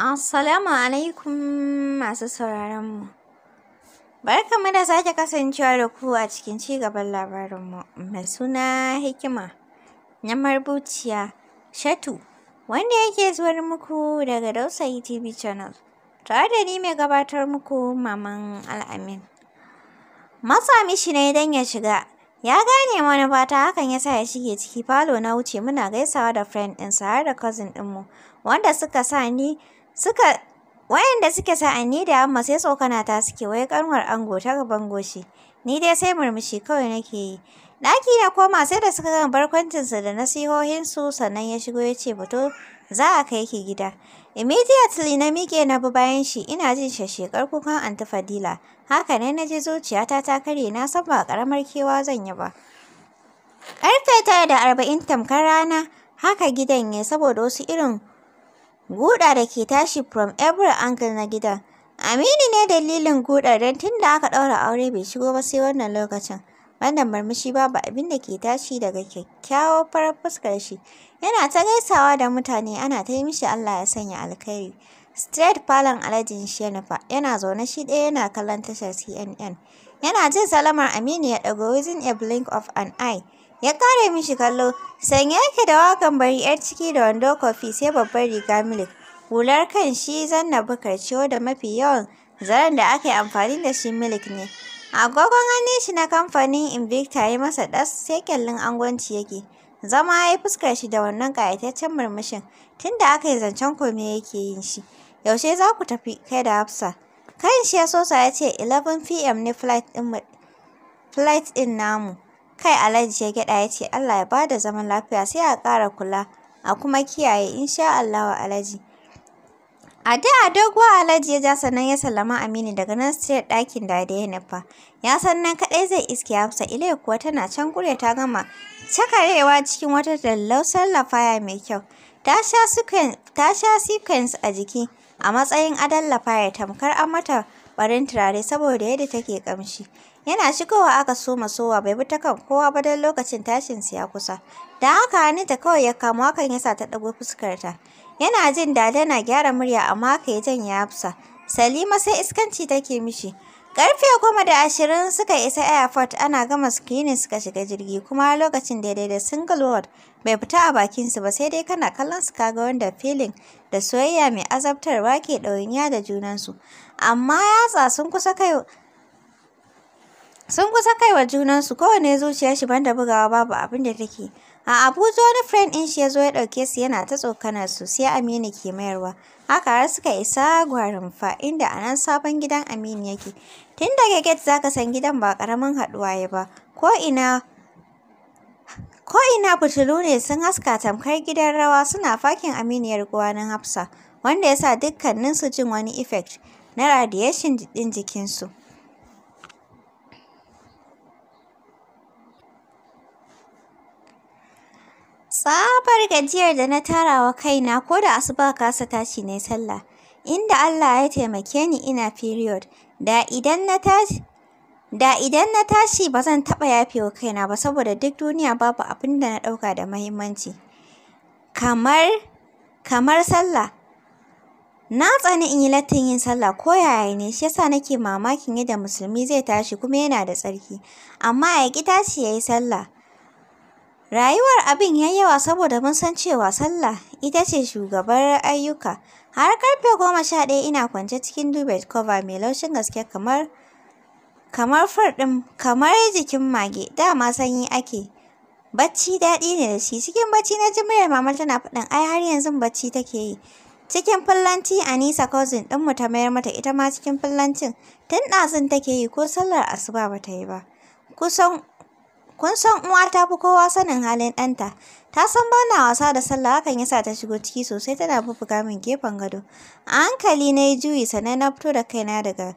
Assalamu alaikum masu sauraronmu. mu da sake kasancewa da ku a cikin ci cigaban labarinmu mai suna hikima na marubuciya Shatu wanda yake zuwar muku daga Dausayi TV channel tare da ni mai gabatar muku Maman Al'amin. Matsami shi ne don ya shiga ya gane wani fata hakan ya sa ya shige ciki falo na wuce muna gaisawa da friend ɗinsa har da cousin ɗinmu wanda suka sa ni Suka wayanda suke sa'anni da amma sai tsokana ta suke wai kanwar ango ta gaban goshi. Ni dai sai murmushi kawai nake yi. Ɗaki na koma sai da suka gama barkwancinsu da nasihohinsu sannan ya shigo ya ce fito za a kai ki gida. Immediately na mike na bi bayan shi ina jin shashekar kukan anti Fadila. Haka ne na ji zuciyata ta karye na san ba ƙaramar kewa zan yi ba. karfe tara da arba'in tamkar rana haka gidan ne saboda wasu irin guda da ke tashi from every angle na gidan. Aminu ne dalilin guda don tun da aka ɗaura aure bai shigo ba sai wannan lokacin. Wannan murmushi babu abin da ke tashi daga kyakkyawar farar fuskar shi. Yana ta gaisawa da mutane ana ta yi mishi Allah ya sanya alkhairi. Straight falon aladin shi yana zaune shi ɗaya yana kallon tashar CNN. Yana jin salamar Aminu ya ɗago within a blink of an eye. ya kare mishi kallo sanye yake da wakan bari yar ciki da wando kofi sai babbar riga milik hular kan shi zanna bukar ciwo da mafi yawan zaren da aka amfani da shi milik ne agogon hannun shi na kamfanin invicta ya masa ɗas sai kyallin angonci yake zama ya yi fuskar shi da wannan ƙayataccen murmushin tunda aka yi zancen kome yake yin shi yaushe za ku tafi kai da hafsa kan shi ya sosa ya ce 11 pm ne flight ɗin namu Kai Alhaji ya gyaɗa ya ce Allah ya bada zaman lafiya sai a ƙara kula a kuma kiyaye insha wa Alhaji. A da a dogo Alhaji ya ja sannan ya sallama Aminu daga nan straight ɗakin da da ya nufa. Ya sannan kaɗai zai iske Hafsa Ile kuwa tana can kure ta gama cakarewa cikin wata dallausar lafaya mai kyau. Ta sha sequence a jiki a matsayin adon lafaya tamkar an mata barin turare saboda yadda take kamshi. Yana shigowa aka soma-sowa, bai bi kan kowa ba don lokacin tashin su ya kusa. Da haka hannunta kawai ya kamo hakan ya sa ta ɗago ta Yana jin dada na gyara murya amma haka ya janye hafsa. Salima sai iskanci take mishi. Karfe goma da ashirin suka isa airport ana gama screening suka shiga jirgi kuma lokacin daidai da single word bai fita a bakinsu ba sai dai kana kallon su kaga wanda feeling da soyayya mai azabtarwa ke ɗawainiya da junansu. Amma yatsa sun kusa kai Sun kusa kai wa junansu kowane zuciya shi banda bugawa babu abin da take. A Abuja wani friend din shi ya zo ya ɗauke su yana ta tsokanar su sai Aminu ke mayarwa. Haka har suka isa fa inda a nan sabon gidan Aminu yake. Tun daga gate zaka san gidan ba ƙaramin haɗuwa ya ba. Ko ina ina fitilu ne sun haska tamkar gidan rawa suna fakin aminiyar na Hafsa, wanda ya sa dukkaninsu jin wani effect na radiation ɗin jikinsu. Tsabar gajiyar da na tara wa kaina ko da asuba kasa tashi na sallah. Inda Allah ya taimake ni ina period. Da idan na tashi Da idan na tashi ba zan taɓa yafewa kaina ba saboda duk duniya babu abin da na ɗauka da mahimmanci. Kamar, kamar sallah. Na tsani in yi lattin yin sallah ko yaya ne shi yasa nake mamakin yadda musulmi zai tashi kuma yana da tsarki. Amma ya ƙi tashi ya yi sallah. Rayuwar abin ya yawa saboda mun san cewa sallah ita ce shugabar ayyuka. Har karfe goma sha ɗaya ina kwance cikin duvet cover mai laushin gaske kamar kamar farɗin kamar jikin mage dama sanyi ake. Bacci daɗi ne da shi cikin bacci na ji muryar mamar tana faɗin ai har yanzu bacci take yi. Cikin fillanci Anisa cousin ɗinmu ta mayar mata ita ma cikin fillancin tun ɗazun take yi ko sallar asuba ba ta yi ba. Kusan Kun san uwa ta fi kowa sanin halin ɗanta. Ta san ba na wasa da sallah hakan yasa ta shigo ciki sosai tana bubbuga min gefen gado. A hankali na yi juyi sannan na fito da kaina daga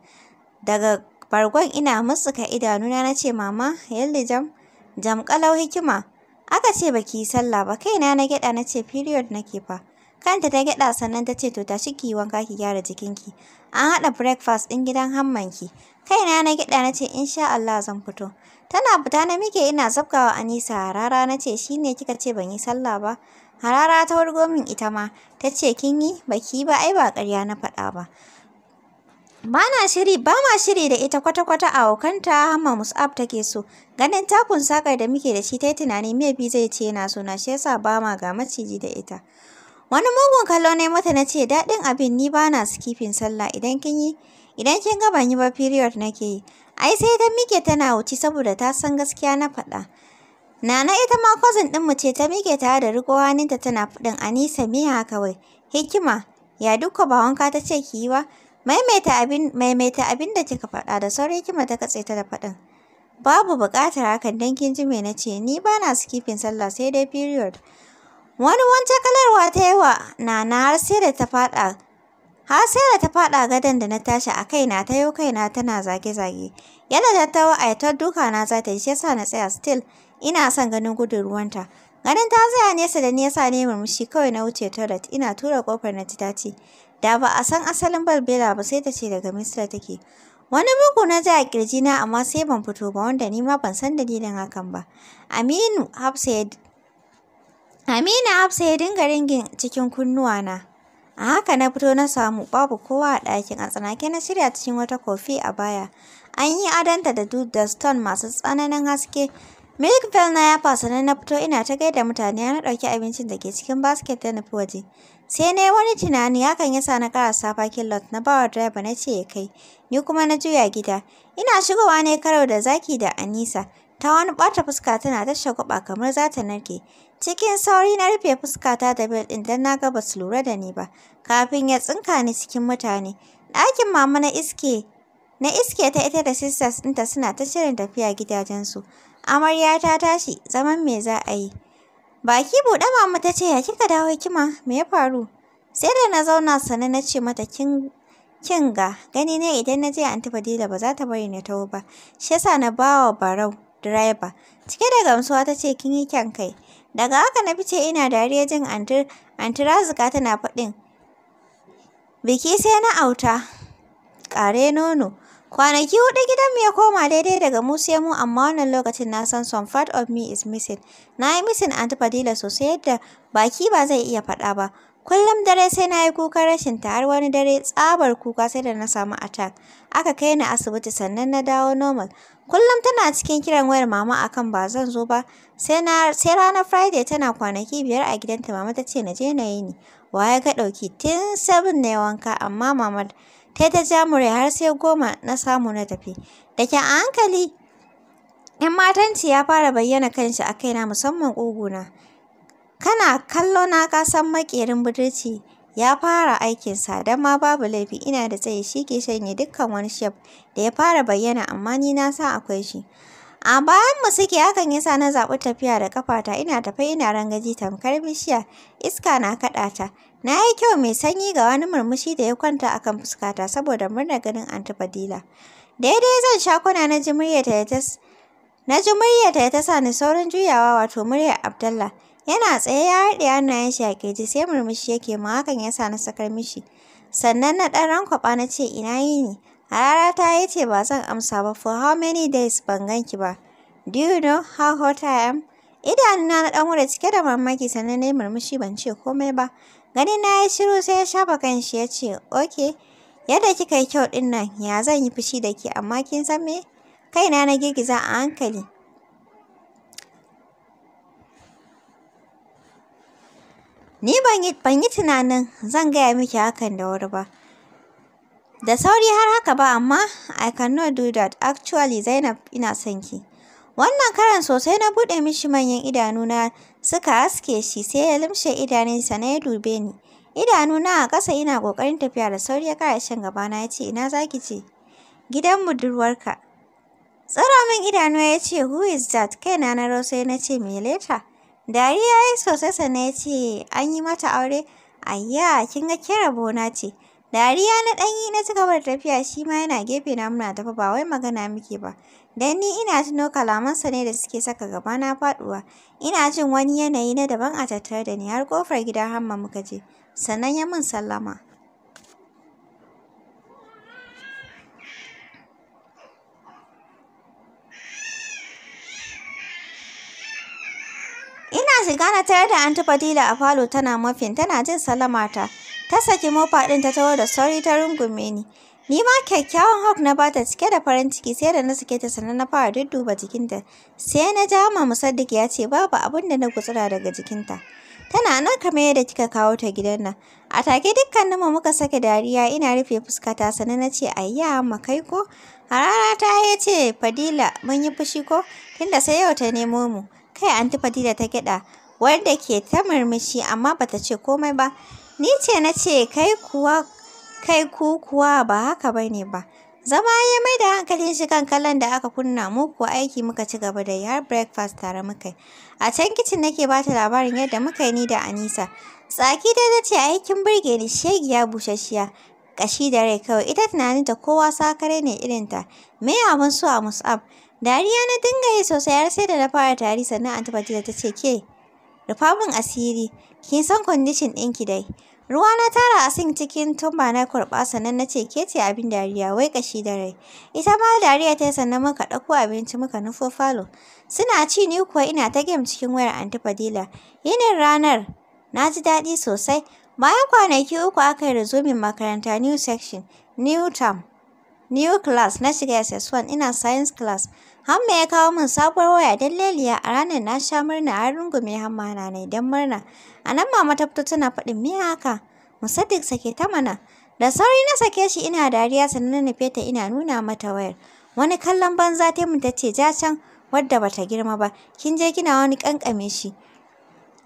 daga bargon ina mutsuka idanuna na ce mama yalli jam jam kalau hikima. Aka ce baki yi sallah ba kaina na gyada na ce period nake fa. Kanta ta gyada sannan ta ce to tashi ki yi wanka ki gyara jikinki. An haɗa breakfast ɗin gidan hammanki. Kaina na gyada na ce insha Allah zan fito. Tana fita na mike ina zabkawa Anisa harara na ce shi ne kika ce ban yi sallah ba. Harara ta wargo min ita ma, ta ce kin yi baki ba ai ba karya na faɗa ba. Ba na shiri ba ma shiri da ita kwata-kwata a wakanta hamma Mus'ab take so. Ganin takun sakar da muke da shi ta yi tunani bi zai ce yana so na shi yasa ba ma ga maciji da ita. Wani mugun kallo ne mata na ce daɗin abin ni ba na skipin sallah idan kin yi idan kin ga ban yi ba period nake yi. Ai sai ta mike tana wuce saboda ta san gaskiya na faɗa. Nana ita ma cousin mu ce ta mike ta da riƙo hannunta tana faɗin Anisa me Hikima, ya dukka ba wanka ta ce ki yi ba? Maimaita abin maimaita abin da kika faɗa da sauri hikima ta katse ta da faɗin. Babu buƙatar hakan don kin ji me na ce ni ba na skipping sallah sai dai period. Wani wancan kalarwa ta yawa na Nana har sai da ta faɗa Har sai da ta faɗa gadon da na tashi a kaina ta kai kaina tana zage-zage. Yana tattawa ayatar duka na za ta yi shi yasa na tsaya still ina son ganin gudun ruwanta. Ganin ta tsaya nesa da nesa ne murmushi kawai na wuce toilet ina tura kofar na ta ce. Da ba a san asalin balbela ba sai ta ce daga Misra take. Wani bugu na ji a na amma sai ban fito ba wanda ni ma ban san dalilin hakan ba. Aminu Hafsa ya dinga ringin cikin kunnuwana. A haka na fito na samu babu kowa a ɗakin a tsanake na shirya cikin wata kofi a baya. An yi adanta da duk da stone masu tsananin haske. Milk bell na ya fasa na na fito ina ta gaida mutane na ɗauki abincin da ke cikin basket da nufi waje. Sai na yi wani tunani hakan ya sa na kara parking lot na bawa driver na ce ya kai. Ni kuma na juya gida. Ina shigowa ne karo da zaki da Anisa. ta wani ɓata fuska tana ta shagwaba kamar za ta narke Cikin sauri na rufe fuskata da bel ɗin don na ga ba su lura da ni ba. Kafin ya tsinka ni cikin mutane. Ɗakin mama na iske na iske ta ita da sisters ɗinta suna ta shirin tafiya gidajensu. Amarya ta tashi, zaman me za a yi? Baki buɗe mama ta ce, ya kika dawo kima? me ya faru? Sai da na zauna sannan na ce mata kin kin ga gani ne idan na je anti Fadila ba za ta bari na taho ba. Shi yasa na bawa Barau direba. Cike da gamsuwa ta ce kin yi kyan kai. Daga haka na fice ina dariya jin antirazika tana faɗin. Biki sai na auta. Ƙare nono. Kwanaki huɗu gidanmu ya koma daidai daga mu sai mu amma wannan lokacin na san some part of me is missing. Na yi missing Aunt Fadila sosai yadda baki ba zai iya faɗa ba. Kullum dare sai na yi kukan rashin ta har wani dare tsabar kuka sai da na samu attack. Aka kai ni asibiti sannan na dawo normal. Kullum tana cikin kiran wayar mama akan ba zan zo ba. Sai ranar Friday tana kwanaki biyar a gidanta mama ta ce na je na yi ni. Waye ka ɗauki tun sabin ne wanka amma mama ta ta jamure har sai goma na samu na tafi. Da a hankali 'yan matanci ya fara bayyana kanshi a kaina musamman ƙuguna. Kana kallo na ka san makerin budurci ya fara aikinsa don ma babu laifi ina da tsaye shi ke shanye dukkan wani shef da ya fara bayyana amma ni na sa akwai shi. A bayan mu suke hakan yasa na zaɓi tafiya da ƙafata ina tafai ina rangaji tamkar bishiya iska na kaɗa ta. Na yi kyau mai sanyi ga wani murmushi da ya kwanta a kan fuskata saboda murna ganin Anti Fadila. Daidai zan sha kuna na ji muryarta ya ta sa ni saurin juyawa wato muryar Abdallah. Yana tsaye ya haɗe hannayen shi a ƙirji sai murmushi yake ma hakan ya sa na sakar mishi. Sannan na ɗan rankwaɓa na ce ina yi yini. Harara ta yi ce ba zan amsa ba for how many days ban ganki ba. Do you know how hot I am? Idanuna na ɗan wuri cike da mamaki sannan na yi murmushi ban ce komai ba. Ganin na yi shiru sai ya shafa kanshi ya ce okay. Yadda kika yi kyau ɗin nan ya zan yi fushi da ke amma kin san me? Kaina na girgiza a hankali. Ni ban yi tunanin zan gaya miki hakan da wuri ba. Da sauri har haka ba amma I cannot do that. Actually Zainab ina son ki. Wannan karan sosai na buɗe mishi manyan idanuna suka haske shi sai ya limshe idanunsa na ya dube ni. Idanuna a ƙasa ina kokarin tafiya da sauri ya ƙara shan gabana na ce ina zaki ki ce? Gidan budurwarka. Tsara min idanu ya ce who is that? Kaina na rausa na ce me leta? Dariya ya yi sosai sannan ya ce, an yi mata aure? Ayya, kin ga ke ce. Dariya na ɗanyi na ci gaba da tafiya shi ma yana gefe na muna tafi ba wai magana muke ba. Dan ni ina tuno kalamansa ne da suke saka gaba na faɗuwa. Ina jin wani yanayi na daban a tattare da ni har kofar gidan Hamma muka je. Sannan ya min sallama. Ina shiga na tayar da Anti Fadila a falo tana mafin tana jin salama ta. Ta saki mofa ɗin ta tawar da sauri ta rungume ni. Ni ma kyakkyawan hawk na bata cike da farin ciki sai da na sake ta sannan na fara dudduba jikinta. Sai na ja ma Musaddiq ya ce babu abin da na gutsura daga jikinta. Tana nan kamar da kika kawo ta gidan nan. A take dukkanin mu muka saka dariya ina rufe fuskata sannan na ce ayya kai ko. Harara ta ya ce Fadila mun yi fushi ko tunda sai yau ta nemo mu. kai anti da ta gyaɗa, wanda ke ta murmushi amma bata ce komai ba. Ni ce na ce kai kuwa kai ku kuwa ba haka bane ba. Zama ya mai da hankalin shi kan kallon da aka kunna mu ko aiki muka ci gaba da yi breakfast tare muka A can kicin nake ba ta labarin yadda muka yi ni da Anisa. Tsaki da ta ce aikin burge ni ya busasshiya. Kashi da rai kawai ita tunanin ta kowa sakare ne irin ta Me abin so a Mus'ab? Dariya na dinga yi sosai har sai da na fara tari sannan Aunty Fadila ta ce ke rufa asiri kin san ɗin ɗinki dai. Ruwa na tara a sink cikin tumba na kurɓa sannan na ce ke ce abin dariya wai kashi da rai. Ita ma dariya ta yi sannan muka ɗauko abinci muka nufo falo. Suna ci ni kuwa ina ta game cikin wayar Aunty Fadila. Yinin ranar na ji daɗi sosai. Bayan kwanaki uku aka yi rezumin makaranta new section, new term, new class na shiga SS1 ina science class. Hamma ya kawo min sabuwar waya don leliya a ranar na sha murna a rungume hamma na ne don murna. A nan mama ta fito tana faɗin me haka? Musaddiq sake ta mana. Da sauri na sake shi ina dariya sannan na feta ina nuna mata wayar. Wani kallon banza ta mun ta ce ja can wadda bata girma ba. Kin je kina wani kankame shi.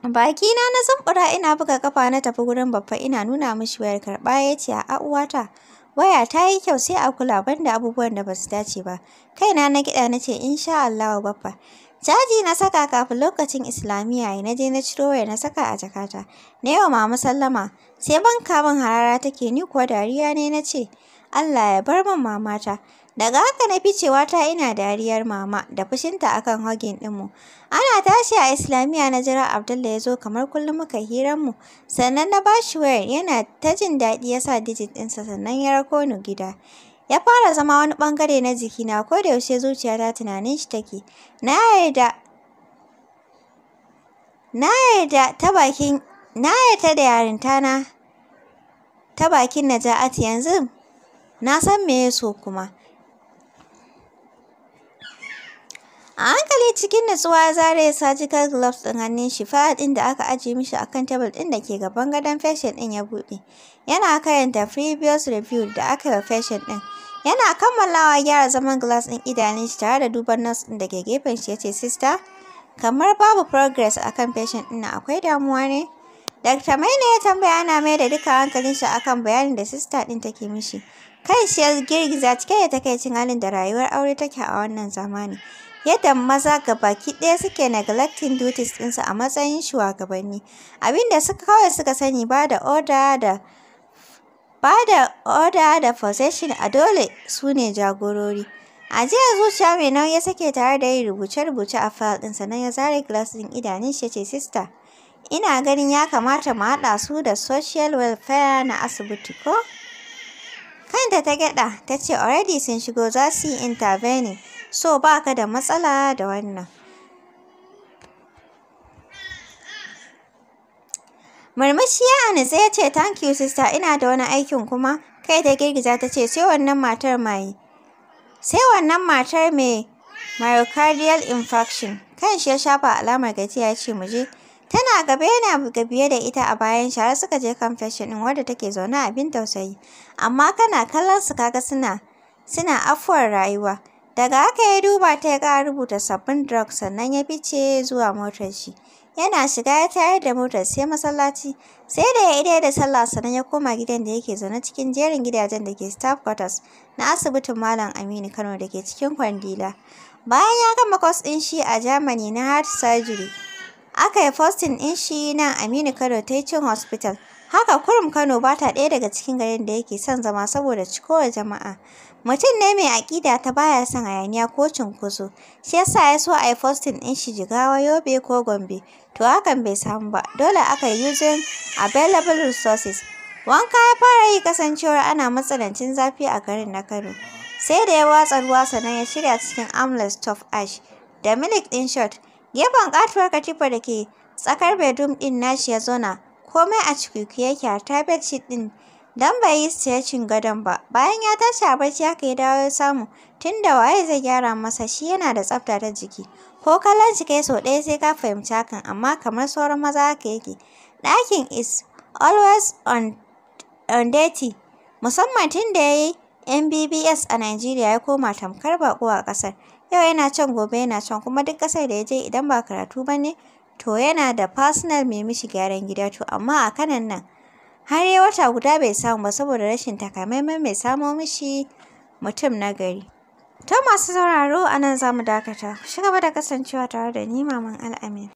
Bakina na zumbura ina buga kafa na tafi gurin babba ina nuna mishi wayar karɓa ya ce a uwata. waya ta yi kyau sai a kula banda abubuwan da basu dace ba kaina na gida na ce insha Allah baffa Jaji na saka kafin lokacin Islamiyya ya je na ciro waya na saka a jakata. Na yau mama sallama, sai ban kamun harara take ni kuwa dariya ne na ce, Allah ya bar min mamata. Daga haka na fi cewa ta ina dariyar mama da fushinta akan hagin ɗinmu. Ana tashi a Islamiyya na jira Abdullah ya zo kamar kullum muka mu Sannan na bashi wayar yana ta jin daɗi ya sa digit ɗinsa sannan ya rako ni gida. Ya fara zama wani bangare na jikina ko da yaushe zuciyata tunanin shi take. Na yarda Na yarda ta bakin na yarda da na ta bakin Naja'at yanzu na san me yaso kuma. A hankali cikin nutsuwa ya ya sa jikar gloves ɗin hannun shi faɗin da aka ajiye mishi a kan tebul ɗin da ke gaban gadon fashion ɗin ya buɗe. Yana karanta previous review da aka yi wa fashion ɗin. Yana kammalawa gyara zaman glass ɗin idanun shi tare da duban nurse ɗin da ke gefen shi yace ce sister kamar babu progress a kan fashion ɗin na akwai damuwa ne? Dr. Maina ya tambaya ana mai da duka hankalin shi akan bayanin da sister ɗin take mishi. Kai shi ya girgiza cike da takaicin halin da rayuwar aure take a wannan zamani. yadda maza baki ɗaya suke neglecting duties ɗinsu a matsayin shugabanni. Abinda suka kawai suka sani ba da oda da ba da da possession a dole su ne jagorori. Ajiyar zuciya mai nauyi sake tare da yin rubuce-rubuce a fayil ɗinsa sannan ya zare glass ɗin idanun shi ce sista ina ganin ya kamata mu haɗa su da social welfare na asibiti ko? Kanta ta gyaɗa ta ce already sun shigo za su yi intervening so ba ka da matsala da wannan. Murmushi ya anitsa ya ce thank you sister ina da wani aikin kuma kai ta girgiza ta ce sai wannan matar mai sai wannan matar mai myocardial infarction kan shi ya shafa alamar gajiya ya ce mu Tana gaba yana biye da ita a bayan shi suka je confession din ɗin wadda take zaune bin tausayi. Amma kana kallon su kaga suna suna afuwar rayuwa. Daga haka ya duba ta ya ƙara rubuta sabbin drugs sannan ya fice zuwa motar shi. Yana shiga ya tayar da motar sai masallaci. Sai da ya dai da sallah sannan ya koma gidan da yake zaune cikin jerin gidajen da ke staff quarters na asibitin Malam Aminu Kano da ke cikin Kwandila. Bayan ya gama kwas ɗin shi a Germany na heart surgery. Aka yi fostin ɗin shi na Aminu Kano Teaching Hospital. Haka kurum Kano ba ta ɗaya daga cikin garin da yake son zama saboda cikowar jama'a. Mutum ne mai aƙida ta baya son hayaniya ko cunkoso, shi yasa ya so a yi fostin ɗin shi Jigawa, Yobe ko Gombe, to hakan bai samu ba, dole aka yi using available resources. Wanka ya fara yi kasancewar ana matsanancin zafi a garin na Kano. Sai da ya watsa ruwa sannan ya shirya cikin armless tough ash da milk ɗin shot Gefen ƙatuwar katifa da ke tsakar bedroom ɗin nashi ya zauna, komai a cikuikuye yake ta bedsheet ɗin don bai yi stretching gadon ba. Bayan ya tashi a barci haka ya dawo ya samu tunda waye zai gyara masa shi yana da tsafta ta jiki. Ko kallon shi kai sau ɗaya sai ka fahimci hakan amma kamar sauran maza haka yake. Ɗakin is always on, on dirty musamman tunda ya yi MBBS a Najeriya ya koma tamkar baƙo a ƙasar. Yau yana can gobe yana can kuma duk ƙasar da ya je idan ba karatu ba ne to yana da fasinal mai mishi gyaran gida to amma a kanan nan har yi wata guda bai samu ba saboda rashin takamaiman mai samo mishi mutum na gari. Ta masu sauraro a nan za mu dakata. Ku da kasancewa tare da ni Maman Al'amin.